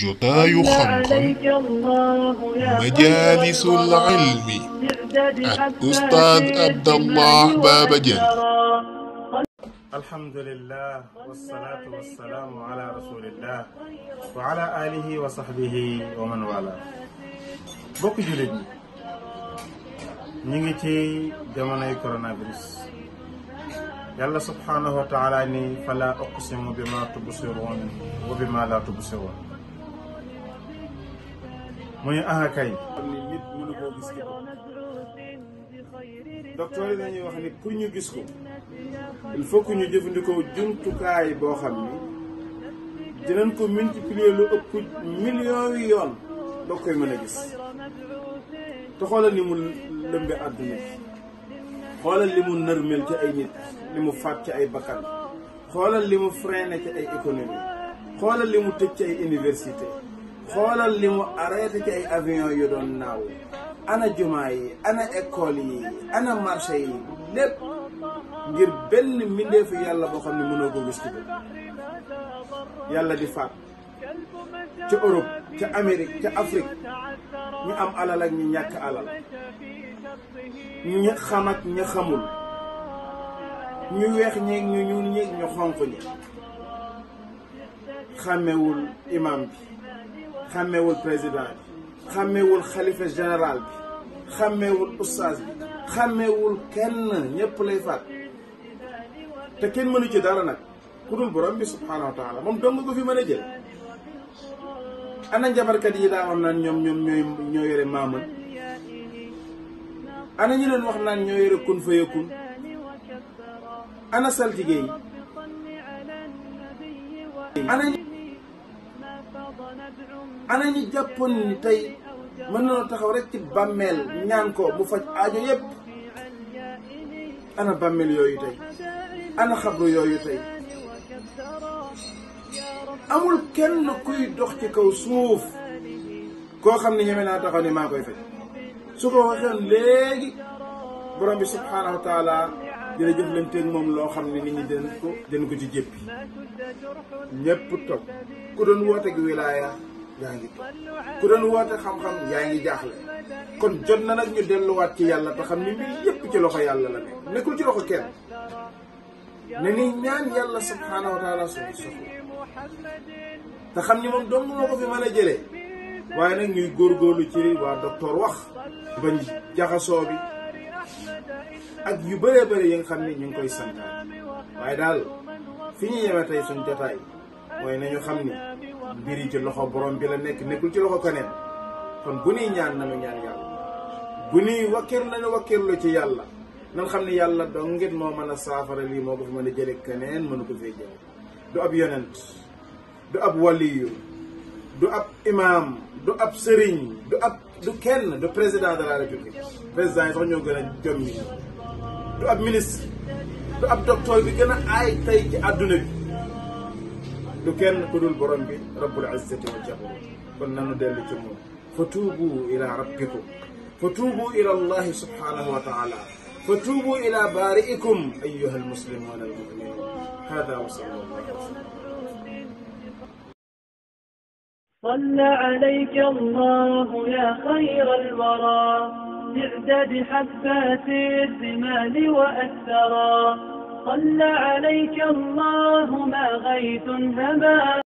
jotaayu xam-xam majaalisul ilmi ak ustaaz Abdallah Baba Dieng alhamdulillah wassalaatu wassalaamu ala rasulillah wa ala alihi wa sahbihi wa man wala bokk jullit ñi ñu ngi ci jamonoy coronavirus yàlla subhaanahu wa taala ni fala uqsimu bima tubsiruun wa bima la tubsiruun mu ne ah kay. ni nit gis ci boppam. docteur yi dañuy wax ni pour ñu gis ko. il faut que ñu jëfandikoo jumtukaay boo xam ni dinañ ko multiplier lu ëpp millions yi koy mën a gis te xoolal ni mu lëmbe àdduna xoolal li mu nërmel ci ay nit li mu faat ci ay bakkan xoolal li mu freiné ci ay économie xoolal li mu tëj ci ay université xoolal li mu arrêté ci avion yu doon naaw ana jumaa yi ana école yi ana marché yi lépp ngir benn mbindeefu yàlla boo xam ne mënoo ko gis yàlla di faat ca Europe ca Amérique ca Afrique ñu am alal ak ñu ñàkk alal ñu xam ñu xamul ñu weex ñeeg ñu ñuul ñu xonq ñi xàmmewul imaam bi xàmmeewul président bi xàmmeewul xalifa général bi xàmmeewul oustaz bi xàmmeewul kenn ñëpp lay faat te kenn mënu ci dara nag ku dul borom bi subhaanahu wa taala moom dong ko fi mën a jël ana njabarkat yi daa wax naan ñoom ñoom ñooy ñoo yore maamal ana ñu leen wax naan ñoo yore kun fayakun ana saltige yi ana ana ñi jàppoon ni tey mën nañoo taxaw rek ci bàmmeel ñaan ko bu faj aajo yépp ana bàmmeel yooyu tey ana xabru yooyu tey amul kenn kuy dox ci kaw suuf koo xam ne ñeme naa taxaw ni maa koy faj su ko waxee léegi borom bi subhaanahu wa taala dina jëflanteeg moom loo xam ne nit ñi den ko den ko ci jéppi ñépp toog ku doon woote gi wilaaya yaa ngi ku doon woote xam-xam yaa ngi jaaxle kon jot na nag ñu delluwaat ci yàlla te xam ni mbir yépp ci loxo yàlla la nekk nekkul ci loxo kenn ne ni ñaan yàlla subhaanahu wa taala suñu te xam ni moom dong moo ko fi mën a jëlee waaye nag ñuy góorgóorlu ci waa docteur wax bañ jaxasoo bi ak yu bare bëri yi nga xam ni ñu ngi koy santaan waaye daal fi ñu yeme tey suñ jotaay mooy nañu xam ni mbir yi ci loxo borom bi la nekk nekkul ci loxo keneen kon bu nuy ñaan na nañu ñaan yàlla bu nuy wakkir nañu wakkirlu ci yàlla nan xam ni yàlla dong ngit moo mën a saafara lii moo ko fi mën a jële keneen mënu ko fee jële du ab yonent du ab waliyu du ab imaam du ab sëriñ du ab du kenn du président de la république président yi sax ñoo gën a jëm yi du ab ministre du ab docteur bi gën a aay tey ci àdduna bi du kenn ku dul borom bi rabbul izzati wa jabarut kon nanu dellu ci moom fa tuubu ila rabbikum fa tuubu ila allahi subhanahu wa taala fa tuubu ila baari'ikum ayyuha almuslimuuna almu'minuun hada wa sallallahu صلى عليك الله يا خير الورى بعدد حبات الرمال وأثرا صلى عليك الله ما غيث هبا